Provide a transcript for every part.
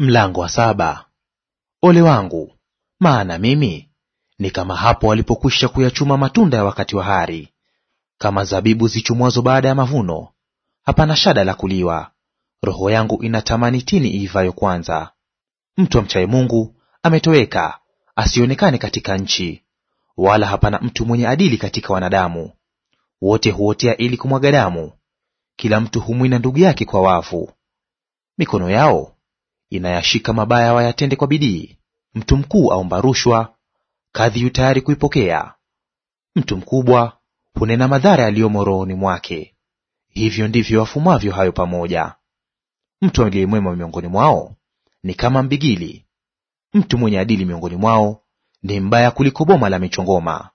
Mlango wa saba. Ole wangu, maana mimi ni kama hapo walipokwisha kuyachuma matunda ya wakati wa hari, kama zabibu zichumwazo baada ya mavuno, hapana shada la kuliwa. Roho yangu inatamani tini iivayo kwanza. Mtu amchaye Mungu ametoweka, asionekane katika nchi, wala hapana mtu mwenye adili katika wanadamu. Wote huotea ili kumwaga damu, kila mtu humwina ndugu yake kwa wavu. Mikono yao inayashika mabaya wayatende kwa bidii. Mtu mkuu aomba rushwa, kadhi yu tayari kuipokea. Mtu mkubwa hunena madhara yaliyomo rohoni mwake, hivyo ndivyo wafumavyo hayo pamoja. Mtu aliyemwema miongoni mwao ni kama mbigili, mtu mwenye adili miongoni mwao ni mbaya kuliko boma la michongoma.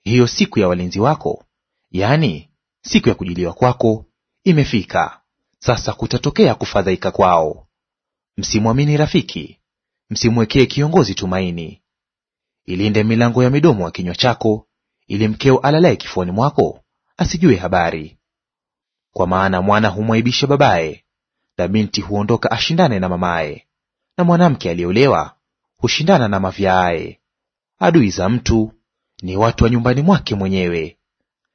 Hiyo siku ya walinzi wako, yaani siku ya kujiliwa kwako, imefika; sasa kutatokea kufadhaika kwao. Msimwamini rafiki, msimwekee kiongozi tumaini. Ilinde milango ya midomo ya kinywa chako, ili mkeo alalaye kifuani mwako asijue habari. Kwa maana mwana humwaibisha babaye, na binti huondoka ashindane na mamaye, na mwanamke aliyeolewa hushindana na mavyaaye. Adui za mtu ni watu wa nyumbani mwake mwenyewe,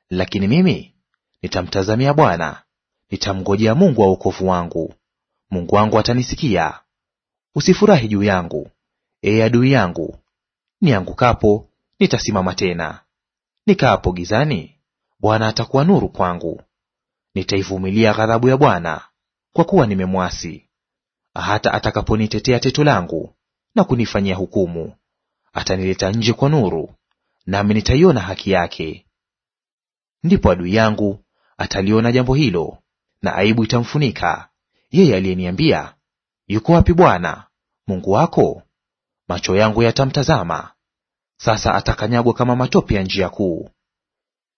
lakini mimi nitamtazamia Bwana, nitamngojea Mungu wa wokovu wangu. Mungu wangu atanisikia. Usifurahi juu yangu, ee adui yangu; niangukapo nitasimama tena. Nikaapo gizani, Bwana atakuwa nuru kwangu. Nitaivumilia ghadhabu ya Bwana, kwa kuwa nimemwasi. Hata atakaponitetea teto langu na kunifanyia hukumu, atanileta nje kwa nuru, nami nitaiona haki yake. Ndipo adui yangu ataliona jambo hilo, na aibu itamfunika yeye aliyeniambia, yuko wapi Bwana Mungu wako? Macho yangu yatamtazama, sasa atakanyagwa kama matope ya njia kuu.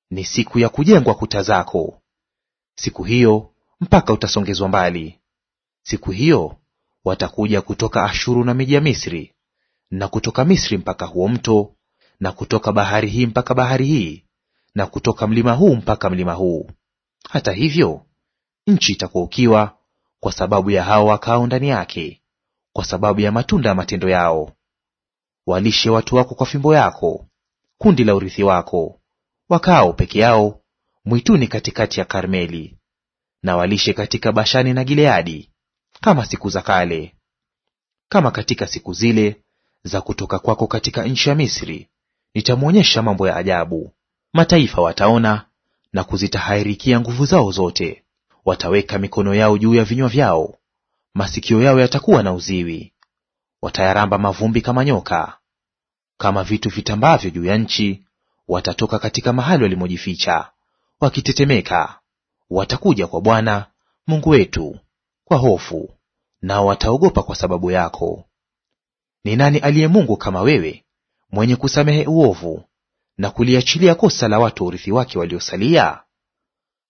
Ni siku ya kujengwa kuta zako, siku hiyo mpaka utasongezwa mbali. Siku hiyo watakuja kutoka Ashuru na miji ya Misri, na kutoka Misri mpaka huo mto, na kutoka bahari hii mpaka bahari hii, na kutoka mlima huu mpaka mlima huu. Hata hivyo nchi itakuwa ukiwa kwa sababu ya hao wakao ndani yake, kwa sababu ya matunda ya matendo yao. Walishe watu wako kwa fimbo yako, kundi la urithi wako, wakao peke yao mwituni katikati ya Karmeli. Na walishe katika Bashani na Gileadi kama siku za kale, kama katika siku zile za kutoka kwako katika nchi ya Misri. Nitamwonyesha mambo ya ajabu, mataifa wataona na kuzitahairikia nguvu zao zote. Wataweka mikono yao juu ya vinywa vyao, masikio yao yatakuwa na uziwi. Watayaramba mavumbi kama nyoka, kama vitu vitambavyo juu ya nchi. Watatoka katika mahali walimojificha, wakitetemeka. Watakuja kwa Bwana Mungu wetu kwa hofu, nao wataogopa kwa sababu yako. Ni nani aliye Mungu kama wewe, mwenye kusamehe uovu na kuliachilia kosa la watu wa urithi wake waliosalia?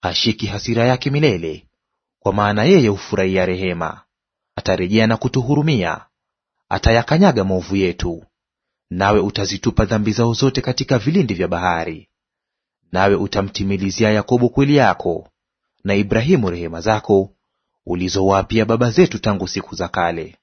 hashiki hasira yake milele, kwa maana yeye hufurahia rehema. Atarejea na kutuhurumia, atayakanyaga maovu yetu. Nawe utazitupa dhambi zao zote katika vilindi vya bahari. Nawe utamtimilizia Yakobo kweli yako na Ibrahimu rehema zako ulizowaapia baba zetu tangu siku za kale.